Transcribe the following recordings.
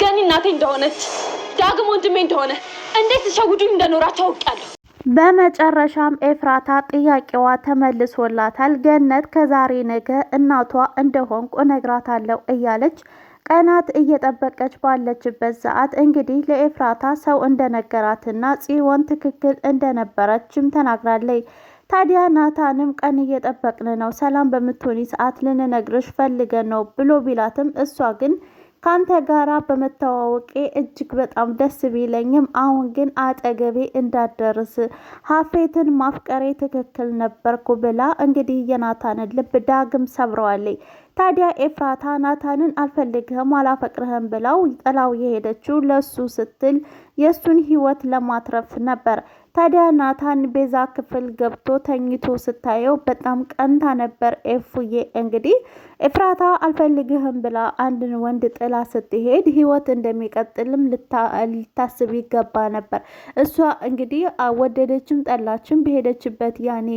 ገኒ እናቴ እንደሆነች ዳግም ወንድሜ እንደሆነ እንዴት ተሸውዱኝ እንደኖራቸው አውቃለሁ። በመጨረሻም ኤፍራታ ጥያቄዋ ተመልሶላታል። ገነት ከዛሬ ነገ እናቷ እንደሆንኩ እነግራታለሁ እያለች ቀናት እየጠበቀች ባለችበት ሰዓት እንግዲህ ለኤፍራታ ሰው እንደነገራትና ጽዮን ትክክል እንደነበረችም ተናግራለች። ታዲያ ናታንም ቀን እየጠበቅን ነው፣ ሰላም በምትሆኒ ሰዓት ልንነግርሽ ፈልገን ነው ብሎ ቢላትም እሷ ግን ከአንተ ጋራ በመተዋወቄ እጅግ በጣም ደስ ቢለኝም አሁን ግን አጠገቤ እንዳደርስ ሀፌትን ማፍቀሬ ትክክል ነበርኩ ብላ እንግዲህ የናታንን ልብ ዳግም ሰብረዋለኝ። ታዲያ ኤፍራታ ናታንን አልፈልግህም፣ አላፈቅርህም ብላው ጥላው የሄደችው ለሱ ስትል የእሱን ህይወት ለማትረፍ ነበር። ታዲያ ናታን ቤዛ ክፍል ገብቶ ተኝቶ ስታየው በጣም ቀንታ ነበር ኤፉዬ እንግዲህ ኤፍራታ አልፈልግህም ብላ አንድን ወንድ ጥላ ስትሄድ ህይወት እንደሚቀጥልም ልታስብ ይገባ ነበር። እሷ እንግዲህ ወደደችም ጠላችም በሄደችበት ያኔ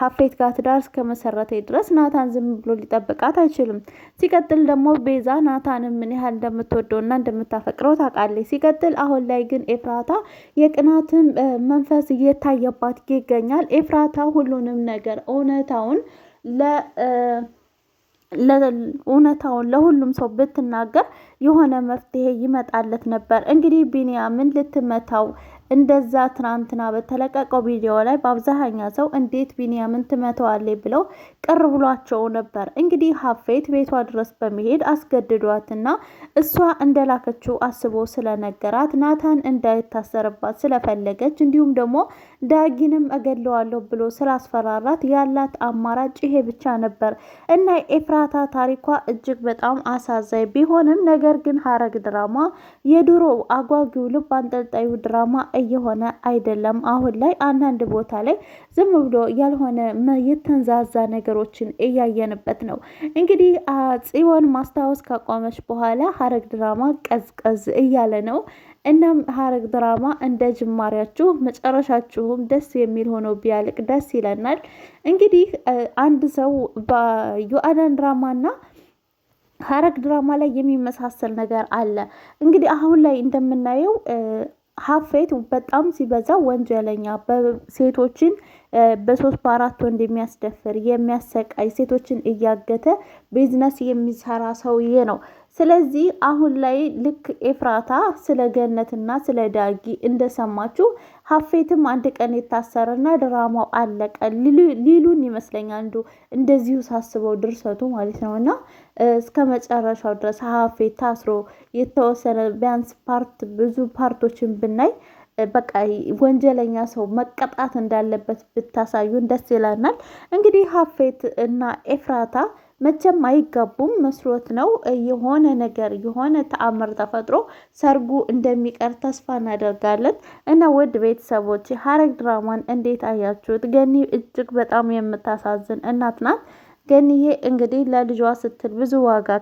ሀፌት ጋር ትዳር እስከ መሰረተ ድረስ ናታን ዝም ብሎ ሊጠብቃት አይችልም። ሲቀጥል ደግሞ ቤዛ ናታን ምን ያህል እንደምትወደውና እንደምታፈቅረው ታውቃለች። ሲቀጥል አሁን ላይ ግን ኤፍራታ የቅናትን መንፈስ እየታየባት ይገኛል። ኤፍራታ ሁሉንም ነገር እውነታውን ለ እውነታውን ለሁሉም ሰው ብትናገር የሆነ መፍትሄ ይመጣለት ነበር። እንግዲህ ቢንያምን ልትመታው እንደዛ ትናንትና በተለቀቀው ቪዲዮ ላይ በአብዛኛው ሰው እንዴት ቢንያምን ትመተዋለች ብለው ቅር ብሏቸው ነበር። እንግዲህ ሀፌት ቤቷ ድረስ በመሄድ አስገድዷትና እሷ እንደላከችው አስቦ ስለነገራት ናታን እንዳይታሰርባት ስለፈለገች እንዲሁም ደግሞ ዳጊንም እገለዋለሁ ብሎ ስላስፈራራት ያላት አማራጭ ይሄ ብቻ ነበር እና ኤፍራታ ታሪኳ እጅግ በጣም አሳዛኝ ቢሆንም ነገር ግን ሀረግ ድራማ የድሮ አጓጊው ልብ አንጠልጣዩ ድራማ እየሆነ አይደለም። አሁን ላይ አንዳንድ ቦታ ላይ ዝም ብሎ ያልሆነ የተንዛዛ ነገሮችን እያየንበት ነው። እንግዲህ ጽዮን ማስታወስ ካቋመች በኋላ ሀረግ ድራማ ቀዝቀዝ እያለ ነው። እናም ሀረግ ድራማ እንደ ጅማሬያችሁ መጨረሻችሁም ደስ የሚል ሆኖ ቢያልቅ ደስ ይለናል። እንግዲህ አንድ ሰው በዮአዳን ድራማና ሀረግ ድራማ ላይ የሚመሳሰል ነገር አለ። እንግዲህ አሁን ላይ እንደምናየው ሀፌት በጣም ሲበዛ ወንጀለኛ ሴቶችን በሶስት በአራት ወንድ የሚያስደፍር የሚያሰቃይ ሴቶችን እያገተ ቢዝነስ የሚሰራ ሰውዬ ነው። ስለዚህ አሁን ላይ ልክ ኤፍራታ ስለ ገነትና ስለ ዳጊ እንደሰማችሁ ሀፌትም አንድ ቀን የታሰረና ድራማው አለቀ ሊሉን ይመስለኛል። እንዱ እንደዚሁ ሳስበው ድርሰቱ ማለት ነው እና እስከ መጨረሻው ድረስ ሀፌት ታስሮ የተወሰነ ቢያንስ ፓርት ብዙ ፓርቶችን ብናይ በቃ ወንጀለኛ ሰው መቀጣት እንዳለበት ብታሳዩን ደስ ይለናል። እንግዲህ ሀፌት እና ኤፍራታ መቼም አይጋቡም መስሎት ነው። የሆነ ነገር የሆነ ተአምር ተፈጥሮ ሰርጉ እንደሚቀር ተስፋ እናደርጋለን። እና ውድ ቤተሰቦች ሐረግ ድራማን እንዴት አያችሁት? ገኒ እጅግ በጣም የምታሳዝን እናት ናት። ገኒዬ እንግዲህ ለልጇ ስትል ብዙ ዋጋ